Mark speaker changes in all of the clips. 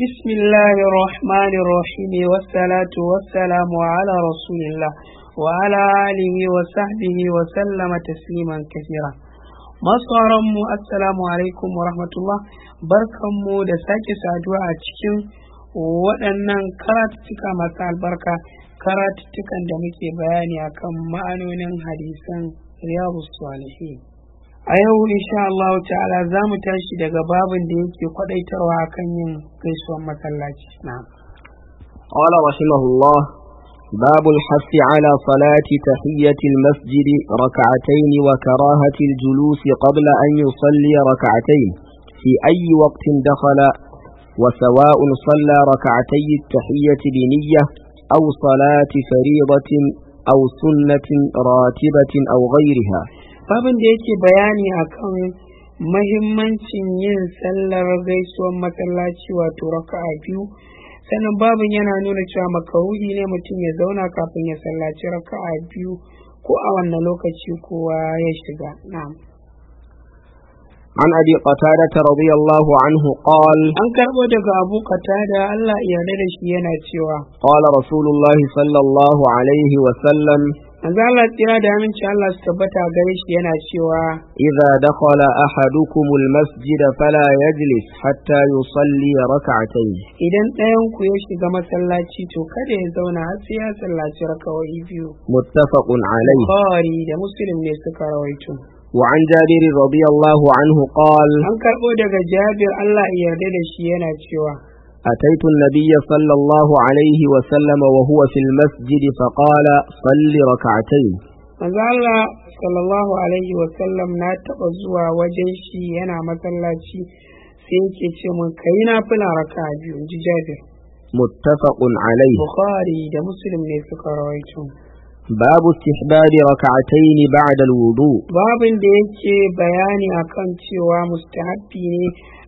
Speaker 1: Bismillahi الله الرحمن الرحيم والصلاة والسلام على رسول الله وعلى آله وصحبه وسلم تسليما كثيرا mu assalamu alaikum wa rahmatullah barkanmu da sake saduwa a cikin waɗannan karatuttuka masu albarka karatuttukan da muke bayani akan ma'anonin hadisan riyadu salihin a yau insha Allah ta'ala za mu tashi daga babin da yake kwadaitarwa kan yin gaisuwar masallaci na'am
Speaker 2: قال رحمه الله باب الحث على صلاة تحية المسجد ركعتين وكراهة الجلوس قبل أن يصلي ركعتين في أي وقت دخل وسواء صلى ركعتي التحية بنية أو صلاة فريضة أو سنة راتبة أو غيرها
Speaker 1: babin da yake bayani akan mahimmancin yin sallar gaisuwar masallaci wato raka a biyu sannan babin yana nuna cewa makaruhi ne mutum ya zauna kafin ya sallaci a biyu ko a wannan lokaci kowa ya shiga na'am
Speaker 2: عن أبي قتادة رضي الله عنه قال أنكر ودك
Speaker 1: أبو قتادة ألا shi" yana
Speaker 2: قال رسول الله صلى الله عليه وسلم
Speaker 1: manzo Allah tsira da aminci Allah su tabbata gare shi yana cewa
Speaker 2: idza dakhala ahadukum almasjid fala yajlis hatta yusalli rak'atayn
Speaker 1: idan ɗayan ku ya shiga masallaci to kada ya zauna har sai ya sallaci rak'o'i biyu
Speaker 2: muttafaqun alayhi
Speaker 1: bukhari da muslim ne suka rawaito
Speaker 2: وعن جابر رضي الله عنه قال عن
Speaker 1: كربو دغ جابر الله da shi yana cewa
Speaker 2: أتيت النبي صلى الله عليه وسلم وهو في المسجد فقال صل ركعتين
Speaker 1: مازال صلى الله عليه وسلم لا تقزوا وجيشي أنا مسلاتي سيكي تشمون كينا فلا ركعة جي جابر
Speaker 2: متفق عليه
Speaker 1: بخاري ده مسلم ليس كرويتم
Speaker 2: باب استحباب ركعتين بعد الوضوء
Speaker 1: باب ده بياني أكن تشوا مستحبي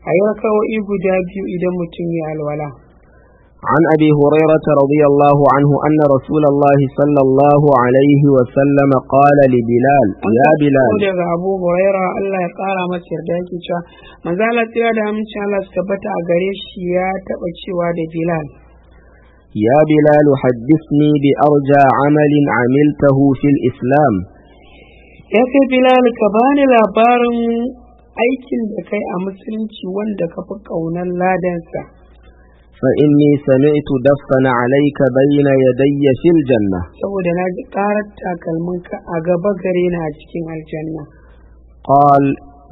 Speaker 1: a yi raka'o'i guda biyu idan mutum
Speaker 2: عن أبي هريرة رضي الله عنه أن رسول الله صلى الله عليه وسلم قال لبلال يا بلال
Speaker 1: أبو هريرة الله يقال ما سيردك ما زالت يدها من شاء الله سكبت أغريش يا تأتي بلال
Speaker 2: يا بلال حدثني بأرجى عمل عملته في الإسلام
Speaker 1: يا بلال كباني لابارم aikin da kai a musulunci wanda ka fi ƙaunar ladansa
Speaker 2: فإني سمعت دفن عليك بين يدي في الجنة
Speaker 1: saboda na ji karar takalminka a gaba gare na cikin aljanna
Speaker 2: قال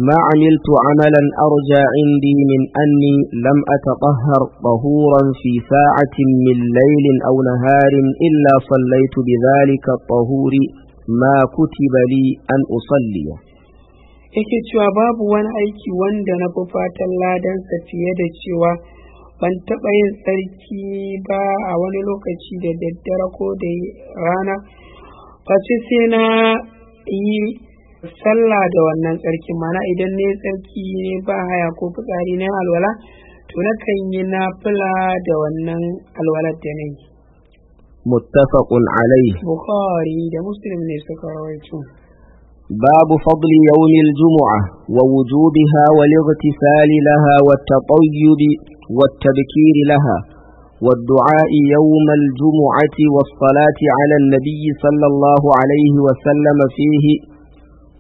Speaker 2: ما عملت عملا أرجى عندي من أني لم أتطهر طهورا في ساعة من ليل أو نهار إلا صليت بذلك الطهور ما كتب لي أن أصليه
Speaker 1: yake cewa babu wani aiki wanda na fi fatan ladansa fiye da cewa ban taɓa yin tsarki ba a wani lokaci da daddare ko da rana face sai na yi sallah da wannan tsarki mana idan ne tsarki ne ba haya ko fitsari na alwala to na kan yi na fila da wannan alwalar da na yi
Speaker 2: muttafaqun alai
Speaker 1: bukhari da muslim ne suka rawaito
Speaker 2: باب فضل يوم الجمعة ووجوبها والاغتسال لها والتطيب والتبكير لها والدعاء يوم الجمعة والصلاة على النبي صلى الله عليه وسلم فيه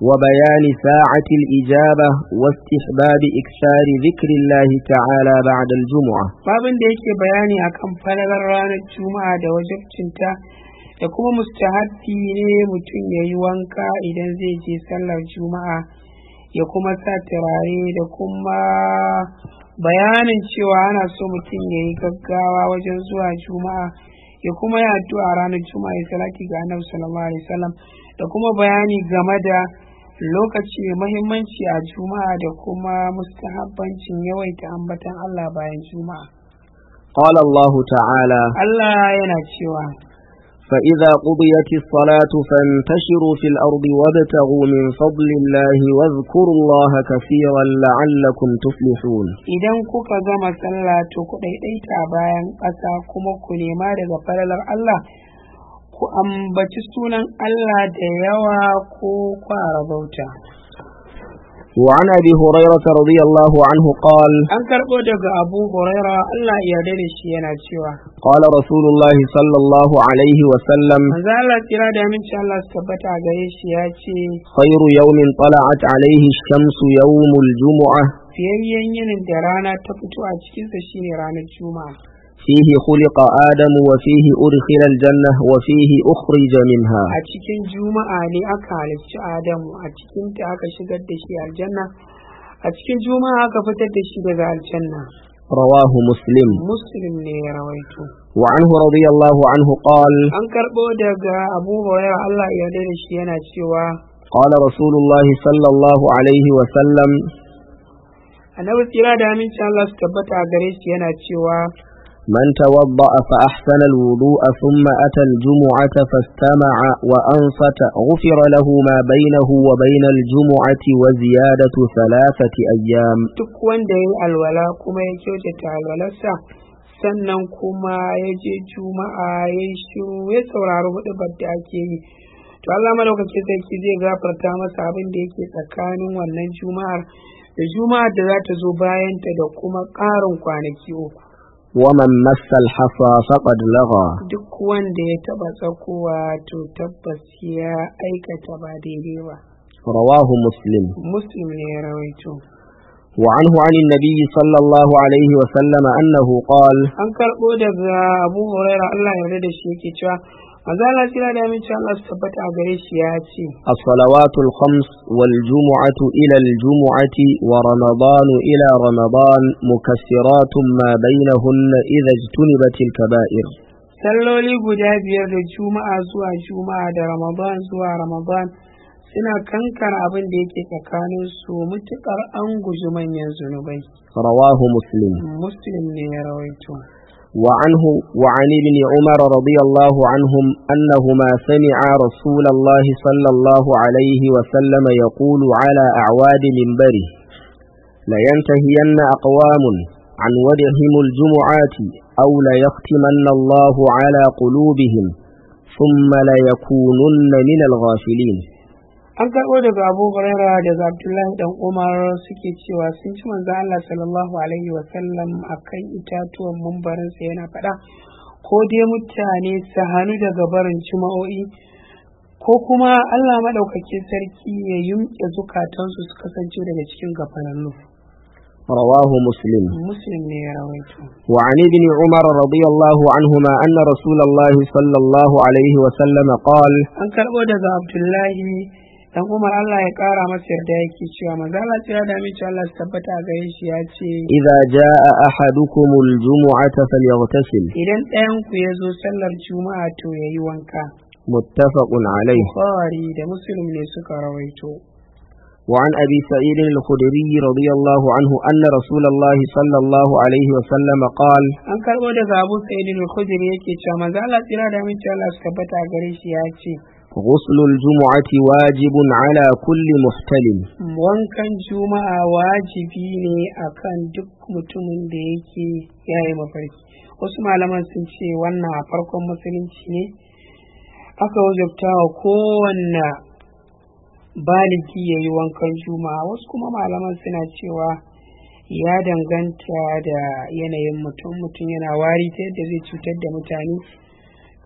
Speaker 2: وبيان ساعة الإجابة واستحباب إكثار ذكر الله تعالى بعد الجمعة
Speaker 1: باب ديك بياني أكم فلغران الجمعة دوجبتنتا da kuma mustahabbi ne mutum ya yi wanka idan zai je sallar juma'a ya kuma sa turare da kuma bayanin cewa ana so mutum ya yi gaggawa wajen zuwa juma'a ya kuma yi addu'a ranar juma'a ya salati ga annabi sallallahu alaihi wasallam da kuma bayani game da lokaci mai mahimmanci a juma'a da kuma mustahabbancin yawaita ambatan Allah bayan juma'a
Speaker 2: ta'ala
Speaker 1: Allah yana cewa
Speaker 2: فإذا قضيت الصلاة فانتشروا في الأرض وابتغوا من فضل الله واذكروا الله كثيرا لعلكم تفلحون
Speaker 1: إذن كوكا زما صلاة كوكا إيتا بايان أسا كما كوني ماري وقال الله ku ambaci الله Allah da yawa ko kwara bauta.
Speaker 2: وعن أبي هريرة رضي الله عنه قال
Speaker 1: أنكر قدك أبو هريرة ألا يدري شيئا سوى
Speaker 2: قال رسول الله صلى الله عليه وسلم
Speaker 1: زالت إرادة من شاء الله سكبتها قريش ياتي
Speaker 2: خير يوم طلعت عليه الشمس يوم الجمعة
Speaker 1: في أي يوم درانا تفتو أجكز شيني رانا الجمعة
Speaker 2: فيه خلق آدم وفيه أدخل الجنة وفيه أخرج منها
Speaker 1: أتكين جمعة لأكال آدم أتكين تأكشد الدشي الجنة أتكين جمعة كفت الدشي الجنة
Speaker 2: رواه مسلم
Speaker 1: مسلم رويته
Speaker 2: وعنه رضي الله عنه قال
Speaker 1: أنكر بودك أبو هريرة الله يدير شيئا سوى
Speaker 2: قال رسول الله صلى الله عليه وسلم
Speaker 1: annabi tsira da amincin Allah su tabbata a gare shi yana cewa
Speaker 2: من توضأ فأحسن الوضوء ثم أتى الجمعة فاستمع وأنصت غفر له ما بينه وبين الجمعة وزيادة ثلاثة أيام
Speaker 1: تكوان دي الولاء كما يجوجة الولاء sannan kuma ya je juma'a ya shiru ya saurari hudu da ake yi to Allah madaukakin sarki zai gafarta masa abin da yake tsakanin wannan juma'ar da juma'ar da za ta zo bayanta da kuma ƙarin kwanaki uku
Speaker 2: waman مس hafa فقد لغى
Speaker 1: duk wanda ya taba tsakowa to tabbas ya aikata ba daidai ba
Speaker 2: rawahu muslim
Speaker 1: muslim ne ya rawaito
Speaker 2: وعنه عن النبي صلى الله عليه وسلم أنه قال
Speaker 1: أنكر أودك أبو هريرة الله يرد الشيكي Mazala kira da aminci Allah su tabbata a gare shi ya ce.
Speaker 2: As-salawatul khams wal jumu'atu ila al jumu'ati wa ramadanu ila ramadan mukassiratun ma bainahunna idza ijtunibatil kaba'ir.
Speaker 1: Salloli guda biyar da juma'a zuwa juma'a da ramadan zuwa ramadan suna kankar abin da yake tsakanin su mutukar an guji manyan zunubai.
Speaker 2: Rawahu Muslim.
Speaker 1: Muslim ne ya rawaito.
Speaker 2: وعنه وعن ابن عمر رضي الله عنهم أنهما سمعا رسول الله صلى الله عليه وسلم يقول على أعواد منبره لينتهين أقوام عن ودعهم الجمعات أو ليختمن الله على قلوبهم ثم ليكونن من الغافلين
Speaker 1: an karɓo daga abu huraira daga abdullahi dan umar suke cewa sun ci manzo allah sallallahu alaihi wasallam a kan itatuwan mumbarinsa yana faɗa ko dai mutane su hannu daga barin jima'o'i ko kuma allah maɗaukakin sarki ya yumke zukatansu su kasance daga cikin gafarannu
Speaker 2: رواه مسلم مسلم وعن ابن عمر رضي الله عنهما أن رسول الله صلى الله عليه وسلم قال
Speaker 1: أنكر عبد الله dan Umar Allah ya kara masa yarda yake cewa manzo Allah ya da mi Allah ya tabbata ga shi ya ce idza
Speaker 2: jaa ahadukum aljum'ata falyaghtasil
Speaker 1: idan ɗayan ku ya zo sallar juma'a to yayi wanka
Speaker 2: muttafaqun alayhi
Speaker 1: bukhari da muslim ne suka rawaito
Speaker 2: وعن أبي سعيد الخدري رضي الله عنه أن رسول الله صلى الله عليه وسلم قال
Speaker 1: أن كان أبو سعيد الخدري يكي شاما زالت إرادة من شاء الله ce."
Speaker 2: غسل الجمعة wajibin ala kulli محتلم
Speaker 1: wankan juma'a wajibi ne akan duk mutumin da yake yayi mafarki wasu malaman sun ce wannan farkon musulunci ne aka wajabta wa kowanne baligi ya yi wankan juma'a wasu kuma malaman suna cewa ya danganta da yanayin mutum mutum yana wari ta yadda zai cutar da mutane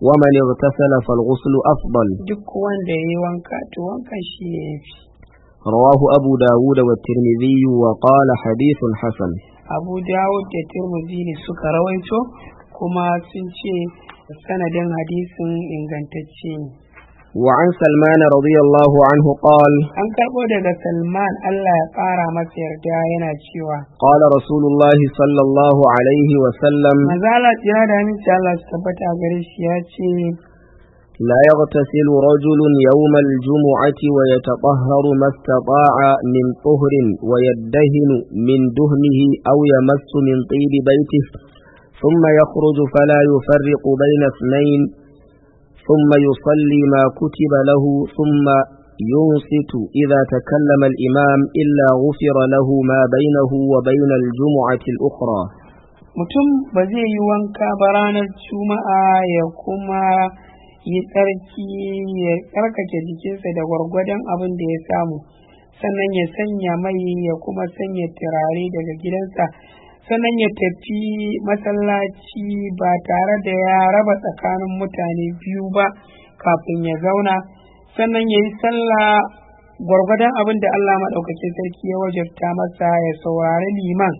Speaker 2: wa man yaghtasala fal ghuslu afdal
Speaker 1: duk wanda yayi wanka to wanka shi ne yafi
Speaker 2: rawahu abu dawud wa tirmidhi wa qala hadithun hasan
Speaker 1: abu dawud da tirmidhi ne suka rawaito kuma sun ce sanadin hadisin ingantacce ne
Speaker 2: وعن سلمان رضي الله عنه قال
Speaker 1: أن كبودة سلمان ألا يقارى مسير جاينا شوى
Speaker 2: قال رسول الله صلى الله عليه وسلم ما
Speaker 1: زالت يرادا إن شاء الله استبتع بريشياتي
Speaker 2: لا يغتسل رجل يوم الجمعة ويتطهر ما استطاع من طهر ويدهن من دهنه أو يمس من طيب بيته ثم يخرج فلا يفرق بين اثنين ثم يصلي ما كتب له ثم ينصت إذا تكلم الإمام إلا غفر له ما بينه وبين الجمعة الأخرى
Speaker 1: mutum ba zai yi wanka ba ranar juma'a ya kuma yi tsarki ya tsarkake jikinsa da gwargwadon abin da ya samu sannan ya sanya mai ya kuma sanya turare daga gidansa sannan ya tafi masallaci ba tare da ya raba tsakanin mutane biyu ba kafin ya zauna sannan ya yi sallah gwargwadon abin da Allah maɗaukakin sarki ya wajabta masa ya saurari liman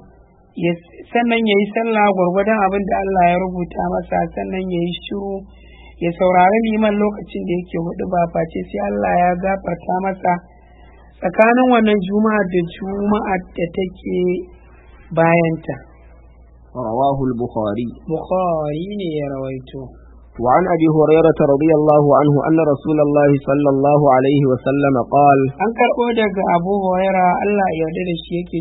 Speaker 1: sannan ya yi sallah gwargwadon abin da Allah ya rubuta masa sannan ya yi shiru ya saurari liman lokacin da yake hudu ba face sai Allah ya gafarta masa tsakanin wannan juma'a da juma'a da take bayanta
Speaker 2: rawahu al-bukhari bukhari ne ya rawaito وعن أبي هريرة رضي الله عنه أن رسول الله صلى الله عليه وسلم قال
Speaker 1: أن كرودك أبو هريرة الله يودر الشيكي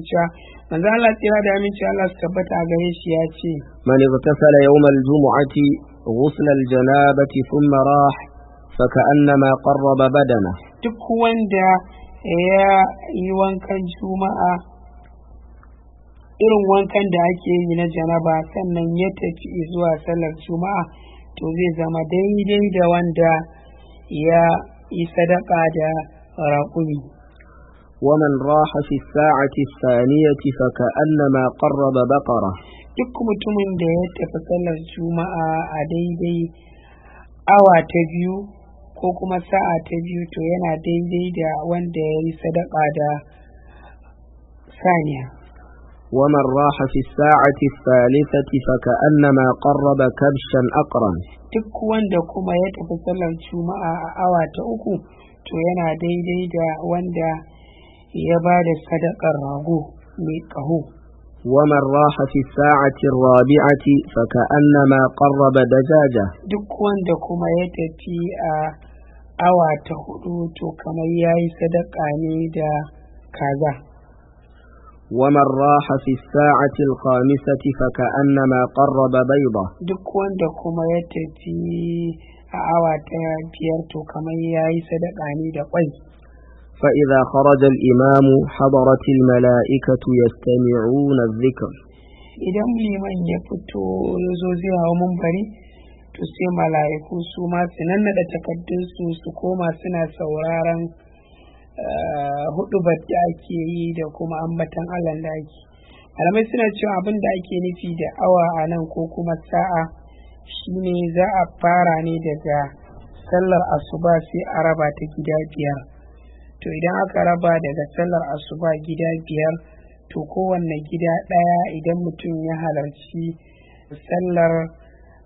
Speaker 1: من ذا الله ترى دامين شاء الله سكبت أغيه شياتي
Speaker 2: من اغتسل يوم الجمعة غسل الجنابة ثم راح فكأنما قرب بدنه
Speaker 1: تكوان دا يا يوان كان جمعة irin wankan da ake yi na janaba sannan ya tafi zuwa sallar juma'a to zai zama daidai da wanda ya yi sadaka da
Speaker 2: raƙumi ومن راح في الساعة الثانية فكأنما قرب بقرة
Speaker 1: duk mutumin da ya tafi sallar juma'a a daidai awa ta biyu ko kuma sa'a ta biyu to yana daidai da wanda ya yi sadaka da saniya
Speaker 2: ومن راح في الساعة الثالثة فكأنما قرب كبشا أقرا
Speaker 1: duk wanda kuma ya tafi sallar juma'a a awa ta uku to yana daidai da wanda ya ba da sadakar rago mai ƙaho
Speaker 2: ومن راح في الساعة الرابعة فكأنما قرب دجاجة
Speaker 1: duk wanda kuma ya tafi a awa ta hudu to kamar yayi sadaka ne da kaza
Speaker 2: ومن راح في الساعة الخامسة فكأنما قرب بيضة
Speaker 1: duk wanda kuma ya tafi a awa ta biyar to kamar yayi sadaka ne da kwai
Speaker 2: فإذا خرج الإمام حضرت الملائكة يستمعون الذكر
Speaker 1: idan liman ya fito ya zo zai hau bari, to sai mala'iku su ma su su koma suna sauraron Eh, hudu da ake yi da kuma ambatan Allah da ake alamai suna cewa abin da ake nufi da awa a nan ko kuma sa'a shine za a fara ne daga sallar asuba sai a raba ta gida biyar to idan aka raba daga sallar asuba gida biyar to kowanne gida ɗaya idan mutum ya halarci sallar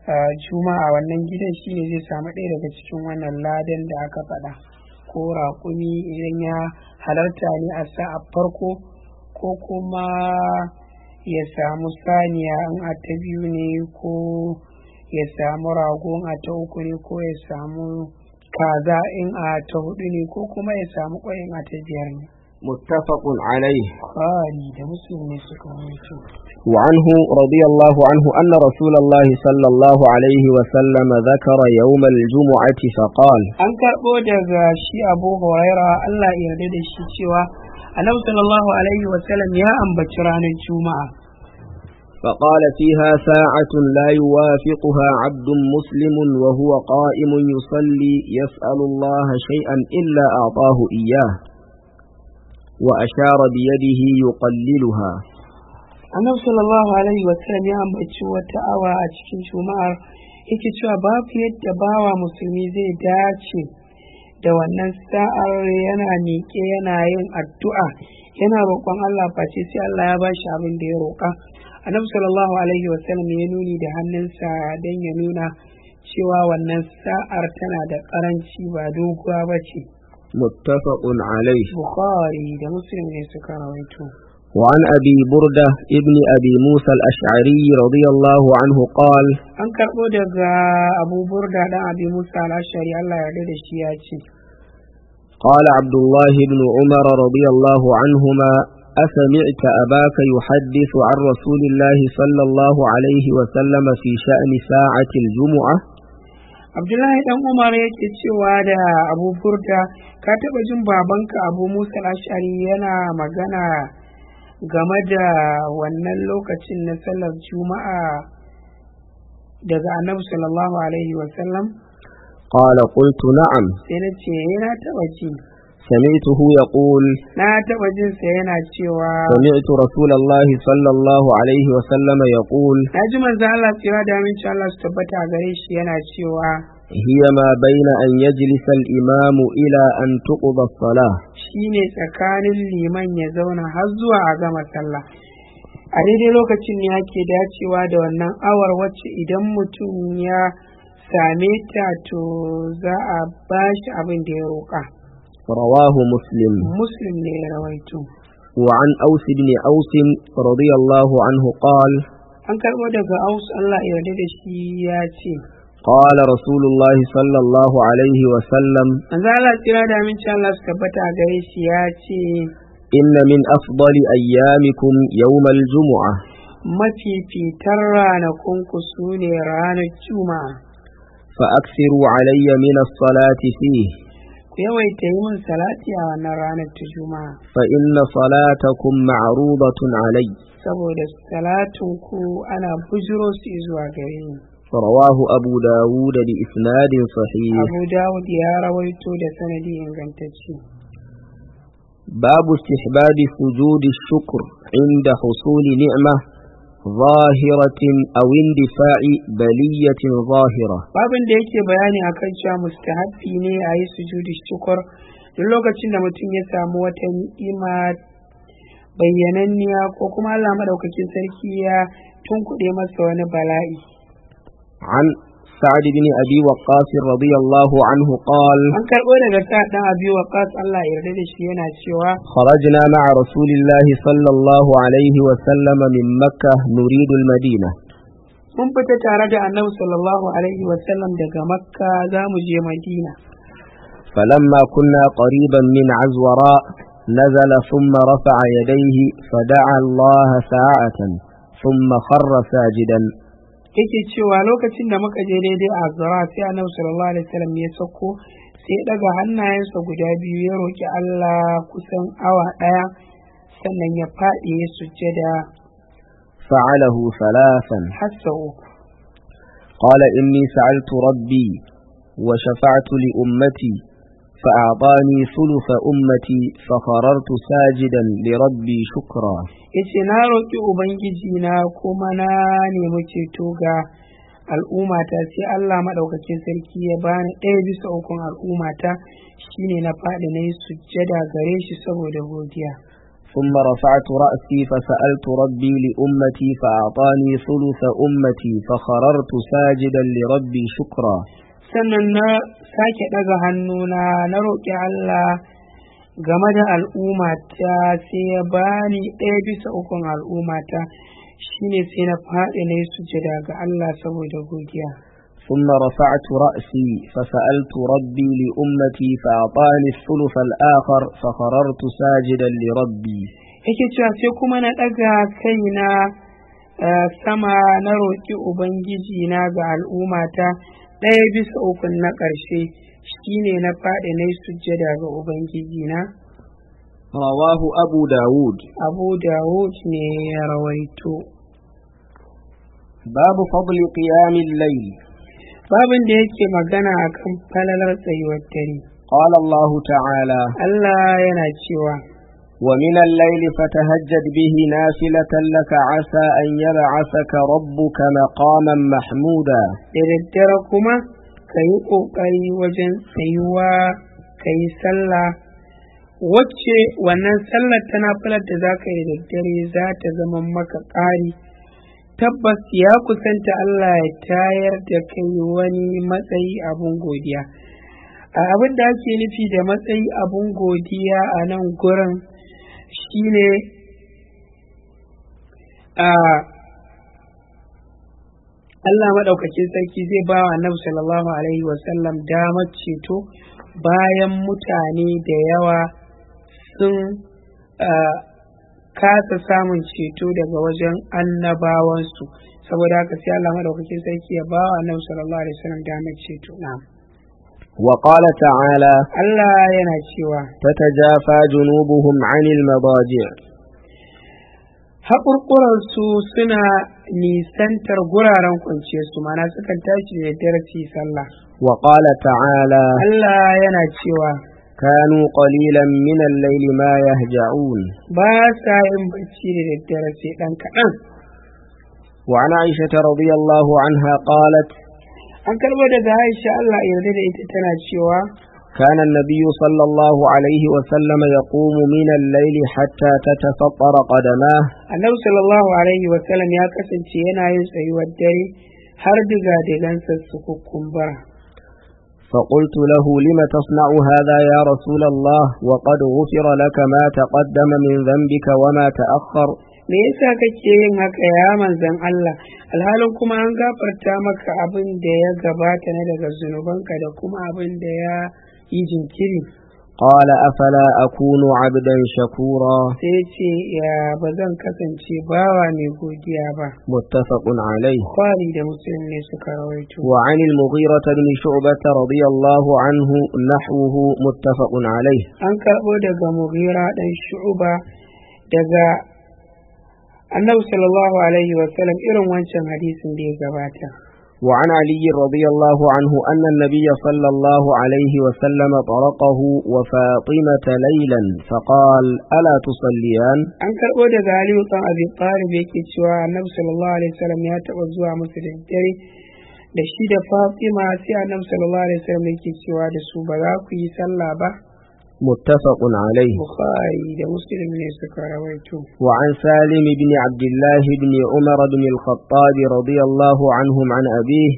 Speaker 1: eh, juma'a wannan gidan shine zai samu ɗaya daga cikin wannan ladan da aka faɗa. ko raƙumi idan ya halarta ne a sa a farko ko kuma ya samu saniya in a ta biyu ne ko ya samu ragon a ta uku ne ko ya samu kaza in a ta hudu ne ko kuma ya samu ƙwai in a ta
Speaker 2: biyar ne متفق عليه خالي ده مسلم وعنه رضي الله عنه أن رسول الله صلى الله عليه وسلم ذكر يوم الجمعة فقال
Speaker 1: أنك أودغ شي أبو هريرة الله يردد الشيشوى أنه صلى الله عليه وسلم يا أم بشران الجمعة
Speaker 2: فقال فيها ساعة لا يوافقها عبد مسلم وهو قائم يصلي يسأل الله شيئا إلا أعطاه إياه وأشار بيده يقللها annabi sallallahu
Speaker 1: alaihi wasallam ya ambaci wata awa a cikin juma'ar yake cewa babu yadda bawa musulmi zai dace da wannan sa'ar yana miƙe yana yin addu'a yana roƙon Allah face sai Allah ya bashi abin da ya roƙa annabi sallallahu alaihi wasallam ya nuni da hannunsa don ya nuna cewa wannan sa'ar tana da ƙaranci ba doguwa ba ce
Speaker 2: muttafaqun alayh
Speaker 1: bukhari da muslim ne suka rawaito
Speaker 2: وعن أبي بردة ابن أبي موسى الأشعري رضي الله عنه قال
Speaker 1: أن كربود أبو بردة أبي موسى الأشعري الله يعدد الشياتي
Speaker 2: قال عبد الله بن عمر رضي الله عنهما أسمعت أباك يحدث عن رسول الله صلى الله عليه وسلم في شأن ساعة الجمعة
Speaker 1: abdullahi dan umar yake cewa da abu furta ka taba jin babanka abu musa ashari yana magana game da wannan lokacin na sallar juma'a daga annabi sallallahu alaihi wasallam
Speaker 2: qala qultu na'am
Speaker 1: sai na ce yana eh, taba ji
Speaker 2: سمعته يقول سمعت رسول الله صلى الله عليه وسلم يقول هي ما بين أن يجلس الإمام إلى أن تقضى الصلاة
Speaker 1: شيني tsakanin liman ya zauna har zuwa a a daidai lokacin ne ake dacewa da wannan awar wacce idan mutum ya same ta to za a bashi abin da ya roƙa.
Speaker 2: رواه مسلم
Speaker 1: مسلم رويته
Speaker 2: وعن أوس بن أوس رضي الله عنه قال
Speaker 1: an karɓo daga aus Allah ya yarda da shi ya ce
Speaker 2: قال رسول الله صلى الله عليه وسلم
Speaker 1: أزال ترى من شاء الله سكبتا غيش ياتي
Speaker 2: إن من أفضل أيامكم يوم الجمعة
Speaker 1: ما في في ترى نكون كسوني ران الجمعة
Speaker 2: فأكثروا علي من الصلاة فيه
Speaker 1: yawai ta yi min salati a wannan ranar ta juma.
Speaker 2: Fa inna salata kun ma'aru ba tunanai.
Speaker 1: Saboda salatin ku ana bujuro su zuwa gari.
Speaker 2: Rawahu Abu Dawuda da Isnadin Sahihi. Abu
Speaker 1: Dawuda ya rawaito da sanadin ingantacci.
Speaker 2: Babu shi babi hujjodi shukur inda husuli ni'ma ظاهرة أو اندفاع بلية zahira.
Speaker 1: بابن da yake bayani a kan cewa mustahabbi ne a yi sujudi shukur duk lokacin da mutum ya samu wata ni'ima bayyananniya ko kuma a madaukakin sarki ya tunkuɗe masa wani bala'i
Speaker 2: سعد بن أبي وقاص رضي الله عنه قال خرجنا مع رسول الله صلى الله عليه وسلم من مكة نريد المدينة
Speaker 1: mun fita tare da annabi sallallahu alaihi wasallam daga makka za mu je madina
Speaker 2: falamma kunna qariban min azwara نزل ثم رفع يديه فدعا الله ساعة ثم خر ساجدا
Speaker 1: yake cewa lokacin da muka je daidai a zara sai annabi sallallahu alaihi wasallam ya sauko sai daga hannayensa guda biyu ya roki Allah kusan awa daya sannan ya faɗi ya sujjada
Speaker 2: fa'alahu salasan hasau qala inni sa'altu rabbi wa shafa'tu li ummati فأعطاني ثلث أمتي ففررت ساجدا لربي شكرا
Speaker 1: إيش نارك أبنجينا كمنا نمتتوغا الأمة ta الله ما لو sarki سلكي bani ɗaya bisa ukun al'umma ta shine na faɗi na yi sujjada gare shi
Speaker 2: ثم رفعت رأسي فسألت ربي لأمتي فأعطاني ثلث أمتي فخررت ساجدا لربي شكرا
Speaker 1: sannan na sake ɗaga hannuna na roƙi Allah game da al'ummata sai ya bani ɗaya bisa ukun al'ummata shine sai na faɗi na yi sujada ga Allah saboda godiya.
Speaker 2: ثم رفعت رأسي فسألت ربي لأمتي فأعطاني الثلث الآخر فقررت ساجدا لربي
Speaker 1: yake cewa sai kuma na ɗaga kaina eh, sama na roƙi ubangijina ga al'ummata ɗaya bisa ukun na ƙarshe ne na faɗi na sujjada ga ubangiji na
Speaker 2: rawahu abu dawud
Speaker 1: abu dawud ne ya rawaito babu fadli qiyamil layl babin da yake magana
Speaker 2: akan falalar tsayuwar dare qala ta'ala allah yana cewa ومن الليل فتهجد به نافلة لك عسى أن يبعثك ربك مقاما محمودا إردركما كيقو
Speaker 1: كي وجن سيوا كي سلا wacce wannan sallar ta nafilar da za ka yi da dare za ta zama maka ƙari tabbas ya kusanta Allah ya tayar da kai wani matsayi abun godiya a abin da ake nufi da matsayi abun godiya a nan gurin shine a Allah maɗaukakin sarki zai ba wa annabi sallallahu alaihi wasallam damar ceto bayan mutane da yawa sun kasa samun ceto daga wajen annabawansu saboda haka sai Allah maɗaukakin sarki ya ba wa annabi sallallahu alaihi wasallam damar ceto na'am
Speaker 2: وقال تعالى الله ينشوا تتجافى جنوبهم عن المضاجع haƙurƙuransu suna
Speaker 1: nisantar guraren kwance su mana sukan tashi da darasi sallah
Speaker 2: wa qala ta'ala Allah yana cewa kanu qalilan min al-layli ma yahja'un
Speaker 1: ba sa yin bacci da darasi dan kadan
Speaker 2: wa ana aisha radiyallahu anha qalat an karbo daga Aisha Allah yarda da ita tana cewa كان النبي صلى الله عليه وسلم يقوم من الليل حتى تتفطر قدماه النبي صلى الله عليه وسلم يا
Speaker 1: كسنتي yana yin tsayuwar dare har
Speaker 2: فقلت له لم تصنع هذا يا رسول الله وقد غفر لك ما تقدم من ذنبك وما تأخر
Speaker 1: me yasa kake yin haka ya manzan Allah alhalin kuma an gafarta maka abin da ya gabata ne daga zunubanka da kuma abin da ya yi jinkiri
Speaker 2: قال أفلا أكون عبدا شكورا متفق عليه وعن المغيرة بن شعبة رضي الله عنه نحوه
Speaker 1: An karɓo daga أبو ɗan بن daga. annabi sallallahu alaihi wasallam irin wancan hadisin da ya gabata
Speaker 2: وعن علي رضي الله عنه أن النبي صلى الله عليه وسلم طرقه وفاطمة ليلا فقال ألا تصليان
Speaker 1: أن كربودة علي وطن أبي طالب يكتشوا النبي صلى الله عليه وسلم يتوزوا مسلم تري da shi da Fatima sai Annabi sallallahu alaihi wasallam yake cewa da su ba za ku yi sallah ba
Speaker 2: متفق عليه وعن سالم بن عبد الله بن عمر بن الخطاب رضي الله عنهم عن أبيه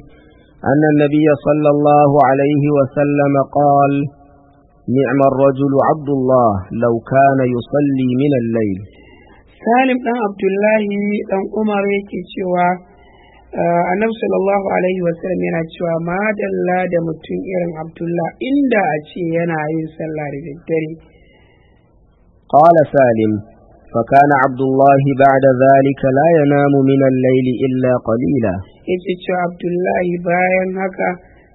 Speaker 2: أن النبي صلى الله عليه وسلم قال نعم الرجل عبد الله لو كان يصلي من الليل
Speaker 1: سالم بن عبد الله بن عمر يكي Eh, annabi sallallahu alaihi wasallam yana cewa madalla da mutum irin abdullah inda a ce yana yin sallah da daddare
Speaker 2: qala salim فكان عبد الله بعد ذلك لا ينام من الليل إلا قليلا
Speaker 1: يجي عبد الله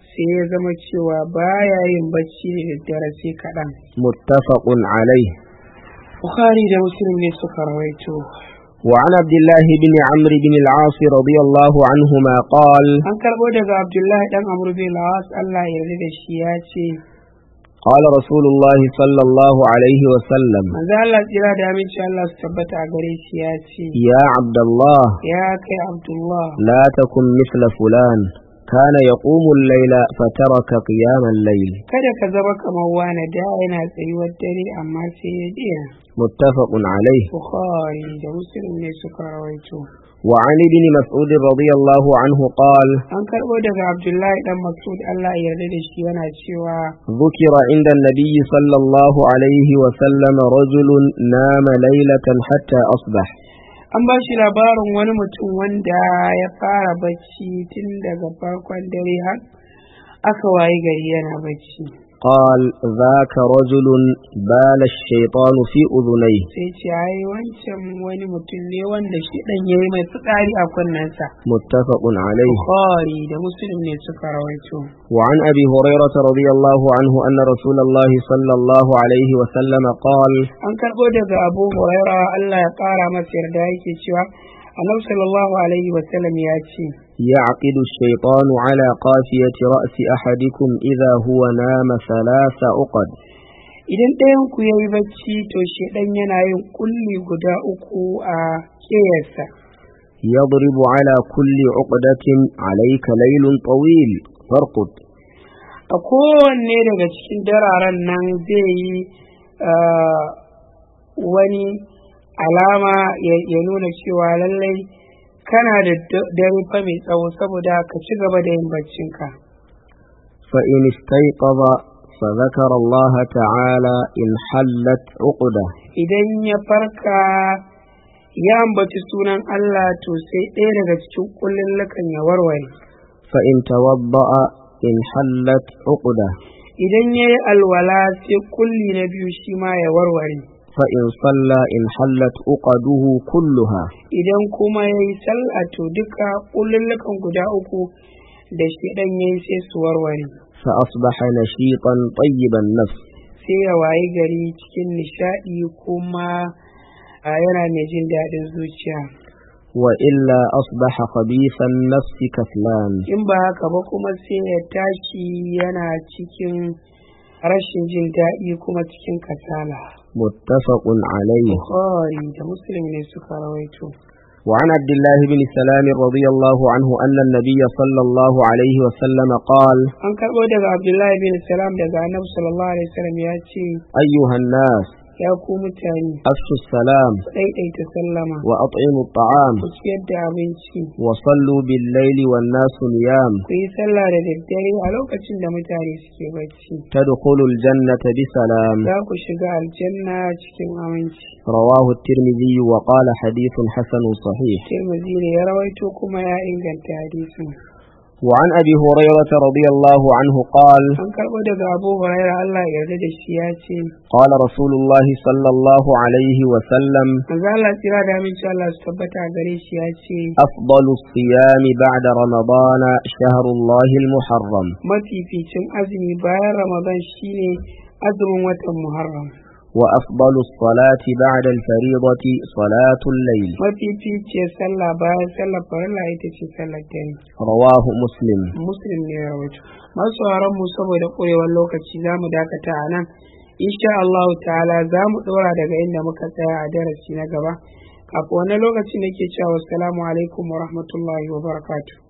Speaker 1: sai ya zama cewa baya yin bacci da daddare sai kaɗan.
Speaker 2: Muttafaqun alai.
Speaker 1: Bukhari da Muslim suka rawaito.
Speaker 2: وعن عبد الله بن عمرو بن العاص رضي الله عنهما قال
Speaker 1: عن كربودة عبد الله بن عمرو بن العاص الله يرضي الشياتي
Speaker 2: قال رسول الله صلى الله عليه وسلم يا عبد الله
Speaker 1: يا عبد الله
Speaker 2: لا تكن مثل فلان كان يقوم الليل فترك قيام الليل
Speaker 1: كذا كذا كما وانا دا انا تسيوا الدري اما سيدينا
Speaker 2: muttafaqun alayh
Speaker 1: Buhari da muslim ne suka rawaito
Speaker 2: وعن ابن مسعود رضي الله عنه قال
Speaker 1: أن كربو عبد الله بن مسعود الله يرده شيوانا شيوا
Speaker 2: ذكر عند النبي صلى الله عليه وسلم رجل نام ليلة حتى أصبح
Speaker 1: an ba shi labarin wani mutum wanda ya fara bacci tun daga farkon dare har aka wayi gari yana bacci
Speaker 2: قال ذاك رجل بال الشيطان في أذنيه
Speaker 1: سيشعي وانشم ونمتن لي وانشي لن يريم الفقاري أكننسا
Speaker 2: متفق عليه
Speaker 1: بخاري ده مسلم نسكر
Speaker 2: وعن أبي هريرة رضي الله عنه أن رسول الله صلى الله عليه وسلم قال
Speaker 1: أنك قدد أبو هريرة ألا يقارى مسير دايك شوى النبي صلى الله عليه وسلم يأتي
Speaker 2: يعقد الشيطان على قافية رأس أحدكم إذا هو نام ثلاث أقد
Speaker 1: idan ɗayan ku ya yi bacci to ɗan yana yin kulli guda uku a keyarsa
Speaker 2: يضرب على كل عقدة عليك ليل طويل فارقد
Speaker 1: a kowanne daga cikin dararen nan zai yi wani alama ya nuna cewa lallai kana da dare fa mai tsawo saboda ka ci gaba da yin ka
Speaker 2: fa in istayqadha fa zakara Allah ta'ala in hallat uqda
Speaker 1: idan ya farka ya ambaci sunan Allah to sai ɗaya daga cikin kullun lakan ya warware
Speaker 2: fa in tawadda'a in hallat uqda
Speaker 1: idan yayi alwala sai kulli na biyu shi ma ya warware
Speaker 2: fa'in salla in hallat duhu kulluha
Speaker 1: idan kuma ya yi sallah to duka ƙullullukan guda uku da shi ɗan yayi sai su warware
Speaker 2: fa asbaha nashiqan tayyiban nafs
Speaker 1: sai ya wayi gari cikin nishaɗi kuma yana mai jin daɗin zuciya
Speaker 2: wa illa asbaha khabithan nafsi kaslan
Speaker 1: in ba haka ba kuma sai ya tashi yana cikin rashin jin daɗi kuma cikin kasala
Speaker 2: muttafaqun alayhi
Speaker 1: bukhari da muslim ne suka rawaito
Speaker 2: وعن عبد الله بن سلام رضي الله عنه أن النبي صلى الله عليه وسلم قال
Speaker 1: أنك عبد الله بن سلام دقى النبي صلى الله عليه وسلم يأتي
Speaker 2: أيها الناس
Speaker 1: ya ku mutane
Speaker 2: afshu salam
Speaker 1: daidaita sallama
Speaker 2: wa at'imu at'am ku
Speaker 1: ciyar da abinci
Speaker 2: wa sallu bil laili wan nasu niyam
Speaker 1: ku yi sallah da daddare a lokacin da mutane suke bacci
Speaker 2: tadkhulu al jannata bi salam za
Speaker 1: ku shiga aljanna cikin aminci
Speaker 2: rawahu at-tirmidhi wa qala hadithun hasan sahih
Speaker 1: tirmidhi ne ya rawaito kuma ya inganta hadisin
Speaker 2: وعن أبي هريرة رضي الله عنه قال قال رسول الله صلى الله عليه وسلم أفضل الصيام بعد رمضان شهر الله المحرم
Speaker 1: ما في في أزمي بعد رمضان شيني أزم وتم محرم
Speaker 2: وأفضل الصلاة بعد الفريضة صلاة الليل
Speaker 1: وفي صلى بعد صلى فلا يتشي صلى
Speaker 2: رواه مسلم
Speaker 1: مسلم يا ما صار مصاب لقوي واللوكة شزام ذاك تعالى إن شاء الله تعالى زام دورا daga inda muka tsaya a darasi na gaba kafin wani lokaci nake cewa assalamu alaikum
Speaker 2: wa